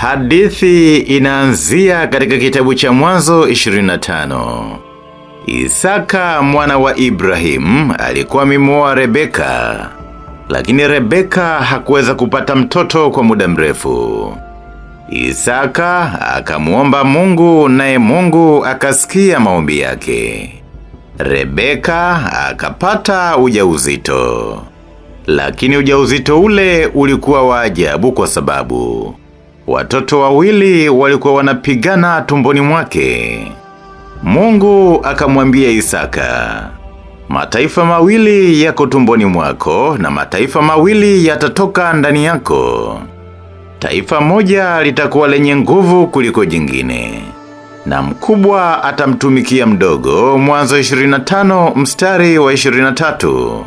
Hadithi inaanzia katika kitabu cha Mwanzo 25. Isaka mwana wa Ibrahimu alikuwa mimoa Rebeka, lakini Rebeka hakuweza kupata mtoto kwa muda mrefu. Isaka akamwomba Mungu, naye Mungu akasikia maombi yake. Rebeka akapata ujauzito, lakini ujauzito ule ulikuwa wa ajabu kwa sababu watoto wawili walikuwa wanapigana tumboni mwake. Mungu akamwambia Isaka, mataifa mawili yako tumboni mwako na mataifa mawili yatatoka ndani yako. Taifa moja litakuwa lenye nguvu kuliko jingine, na mkubwa atamtumikia mdogo. Mwanzo 25 mstari wa 23.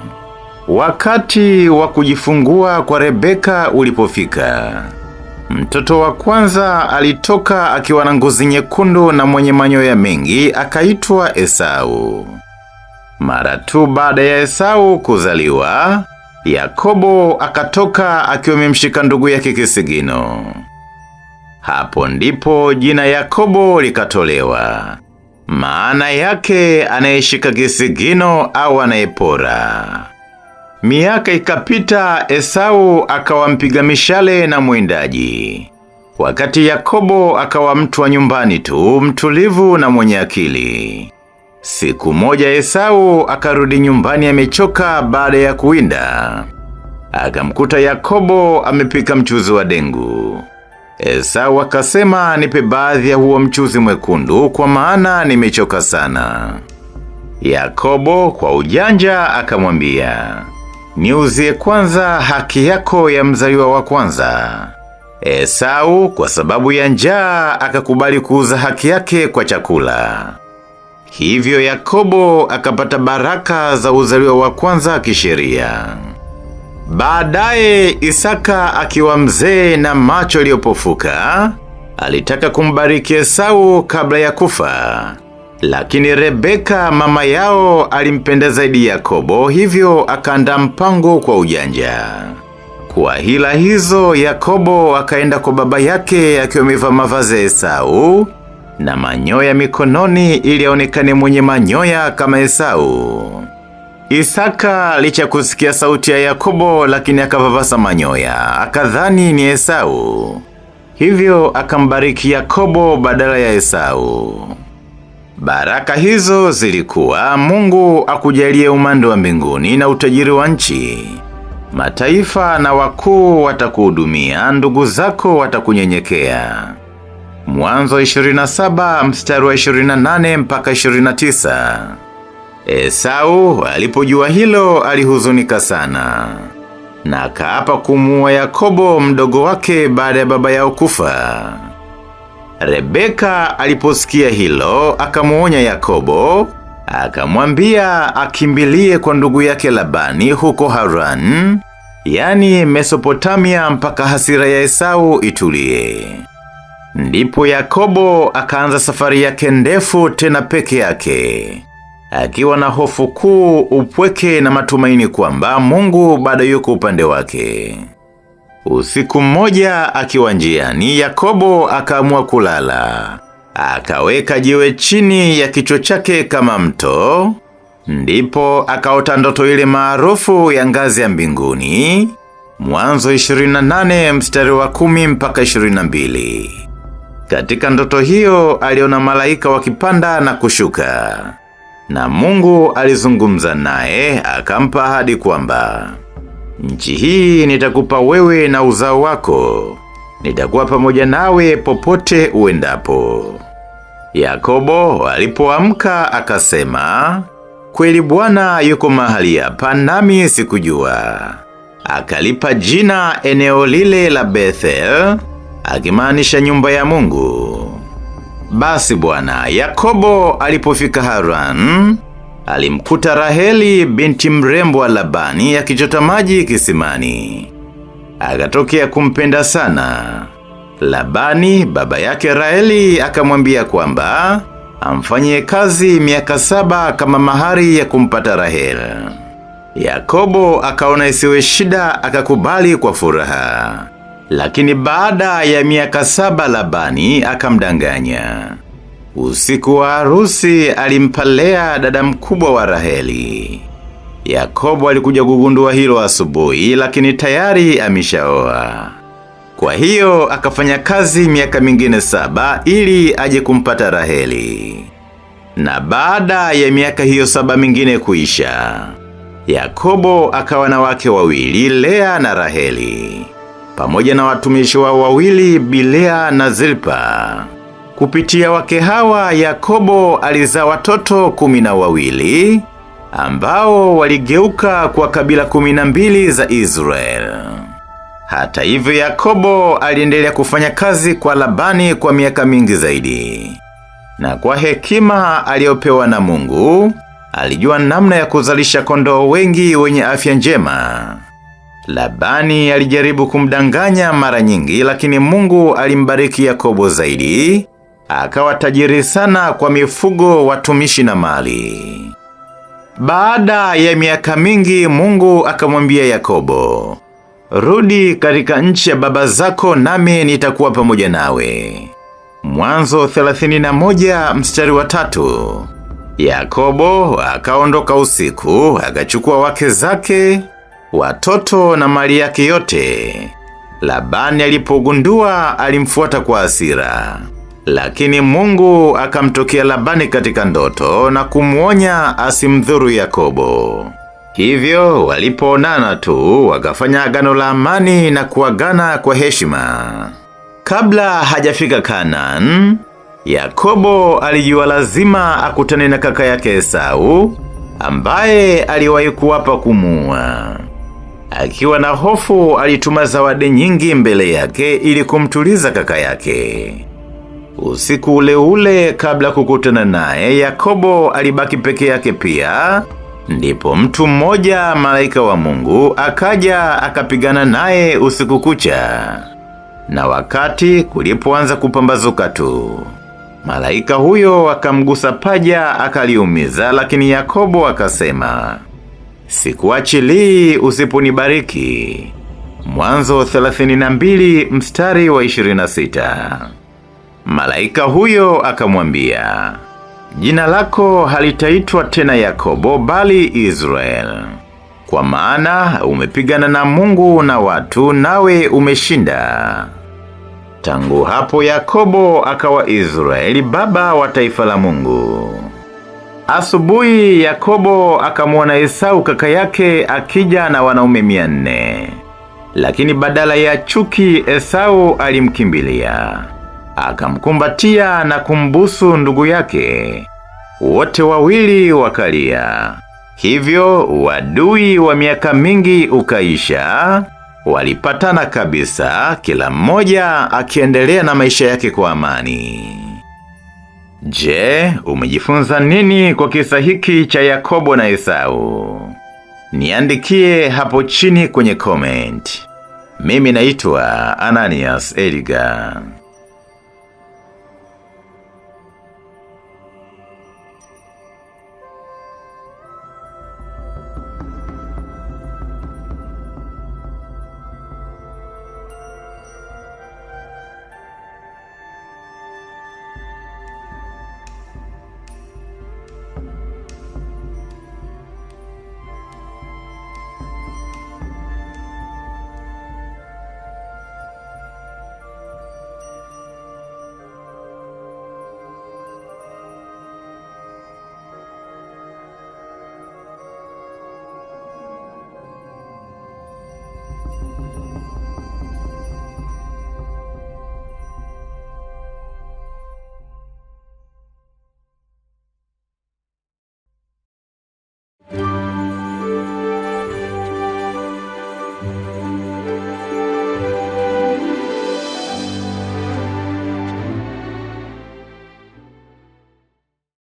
Wakati wa kujifungua kwa Rebeka ulipofika Mtoto wa kwanza alitoka akiwa na ngozi nyekundu na mwenye manyoya mengi, akaitwa Esau. Mara tu baada ya Esau kuzaliwa, Yakobo akatoka akiwa amemshika ndugu yake kisigino. Hapo ndipo jina Yakobo likatolewa, maana yake anayeshika kisigino au anayepora. Miaka ikapita, Esau akawa mpiga mishale na mwindaji, wakati Yakobo akawa mtu wa nyumbani tu, mtulivu na mwenye akili. Siku moja Esau akarudi nyumbani amechoka baada ya kuwinda. Akamkuta Yakobo amepika mchuzi wa dengu. Esau akasema, nipe baadhi ya huo mchuzi mwekundu, kwa maana nimechoka sana. Yakobo kwa ujanja akamwambia niuzie kwanza haki yako ya mzaliwa wa kwanza. Esau kwa sababu ya njaa akakubali kuuza haki yake kwa chakula. Hivyo Yakobo akapata baraka za uzaliwa wa kwanza kisheria. Baadaye Isaka akiwa mzee na macho yaliyopofuka, alitaka kumbariki Esau kabla ya kufa. Lakini Rebeka mama yao alimpenda zaidi Yakobo, hivyo akaandaa mpango kwa ujanja. Kwa hila hizo, Yakobo akaenda kwa baba yake akiwa amevaa mavazi ya Esau na manyoya mikononi ili aonekane mwenye manyoya kama Esau. Isaka licha kusikia sauti ya Yakobo, lakini akavavasa manyoya, akadhani ni Esau, hivyo akambariki Yakobo badala ya Esau. Baraka hizo zilikuwa Mungu akujalie umande wa mbinguni na utajiri wa nchi. Mataifa na wakuu watakuhudumia, ndugu zako watakunyenyekea. Mwanzo 27 mstari wa 28 mpaka 29. Esau alipojua hilo alihuzunika sana na akaapa kumuua Yakobo mdogo wake baada ya baba yao kufa. Rebeka aliposikia hilo akamuonya Yakobo, akamwambia akimbilie kwa ndugu yake Labani huko Haran, yani Mesopotamia, mpaka hasira ya Esau itulie. Ndipo Yakobo akaanza safari yake ndefu, tena peke yake, akiwa na hofu kuu, upweke na matumaini kwamba Mungu bado yuko upande wake. Usiku mmoja akiwa njiani, Yakobo akaamua kulala. Akaweka jiwe chini ya kichwa chake kama mto, ndipo akaota ndoto ile maarufu ya ngazi ya mbinguni, Mwanzo 28 mstari wa 10 mpaka 22. Katika ndoto hiyo aliona malaika wakipanda na kushuka, na Mungu alizungumza naye akampa ahadi kwamba Nchi hii nitakupa wewe na uzao wako, nitakuwa pamoja nawe popote uendapo. Yakobo alipoamka akasema, kweli Bwana yuko mahali hapa, nami sikujua. Akalipa jina eneo lile la Bethel, akimaanisha nyumba ya Mungu. Basi Bwana Yakobo alipofika Haran alimkuta Raheli binti mrembo wa Labani akichota maji kisimani, akatokea kumpenda sana. Labani baba yake Raheli akamwambia kwamba amfanyie kazi miaka saba kama mahari ya kumpata Raheli. Yakobo akaona isiwe shida, akakubali kwa furaha. Lakini baada ya miaka saba Labani akamdanganya. Usiku wa arusi alimpalea dada mkubwa wa Raheli. Yakobo alikuja kugundua hilo asubuhi, lakini tayari ameshaoa. Kwa hiyo akafanya kazi miaka mingine saba ili aje kumpata Raheli. Na baada ya miaka hiyo saba mingine kuisha, Yakobo akawa na wake wawili, Lea na Raheli, pamoja na watumishi wao wawili, Bilea na Zilpa. Kupitia wake hawa Yakobo alizaa watoto kumi na wawili ambao waligeuka kwa kabila kumi na mbili za israel Hata hivyo, Yakobo aliendelea kufanya kazi kwa Labani kwa miaka mingi zaidi, na kwa hekima aliyopewa na Mungu alijua namna ya kuzalisha kondoo wengi wenye afya njema. Labani alijaribu kumdanganya mara nyingi, lakini Mungu alimbariki Yakobo zaidi akawa tajiri sana kwa mifugo, watumishi na mali. Baada ya miaka mingi, Mungu akamwambia Yakobo, rudi katika nchi ya baba zako, nami nitakuwa pamoja nawe. Mwanzo 31 mstari wa tatu. Yakobo akaondoka usiku, akachukua wake zake, watoto na mali yake yote. Labani alipogundua, alimfuata kwa hasira. Lakini Mungu akamtokea Labani katika ndoto na kumuonya asimdhuru Yakobo. Hivyo walipoonana tu wakafanya agano la amani na kuagana kwa heshima. Kabla hajafika Kanaan, Yakobo alijua lazima akutane na kaka yake Esau ambaye aliwahi kuapa kumua. Akiwa na hofu, alituma zawadi nyingi mbele yake ili kumtuliza kaka yake. Usiku ule ule kabla kukutana naye, Yakobo alibaki peke yake pia. Ndipo mtu mmoja malaika wa Mungu akaja akapigana naye usiku kucha, na wakati kulipoanza kupambazuka tu, malaika huyo akamgusa paja akaliumiza, lakini Yakobo akasema, sikuachilii usiponibariki. Mwanzo 32 mstari wa 26. Malaika huyo akamwambia, jina lako halitaitwa tena Yakobo bali Israel, kwa maana umepigana na Mungu na watu, nawe umeshinda. Tangu hapo Yakobo akawa Israeli, baba wa taifa la Mungu. Asubuhi Yakobo akamwona Esau kaka yake akija na wanaume mia nne, lakini badala ya chuki Esau alimkimbilia akamkumbatia na kumbusu ndugu yake, wote wawili wakalia. Hivyo wadui wa miaka mingi ukaisha, walipatana kabisa, kila mmoja akiendelea na maisha yake kwa amani. Je, umejifunza nini kwa kisa hiki cha Yakobo na Esau? Niandikie hapo chini kwenye comment. Mimi naitwa Ananias Edgar.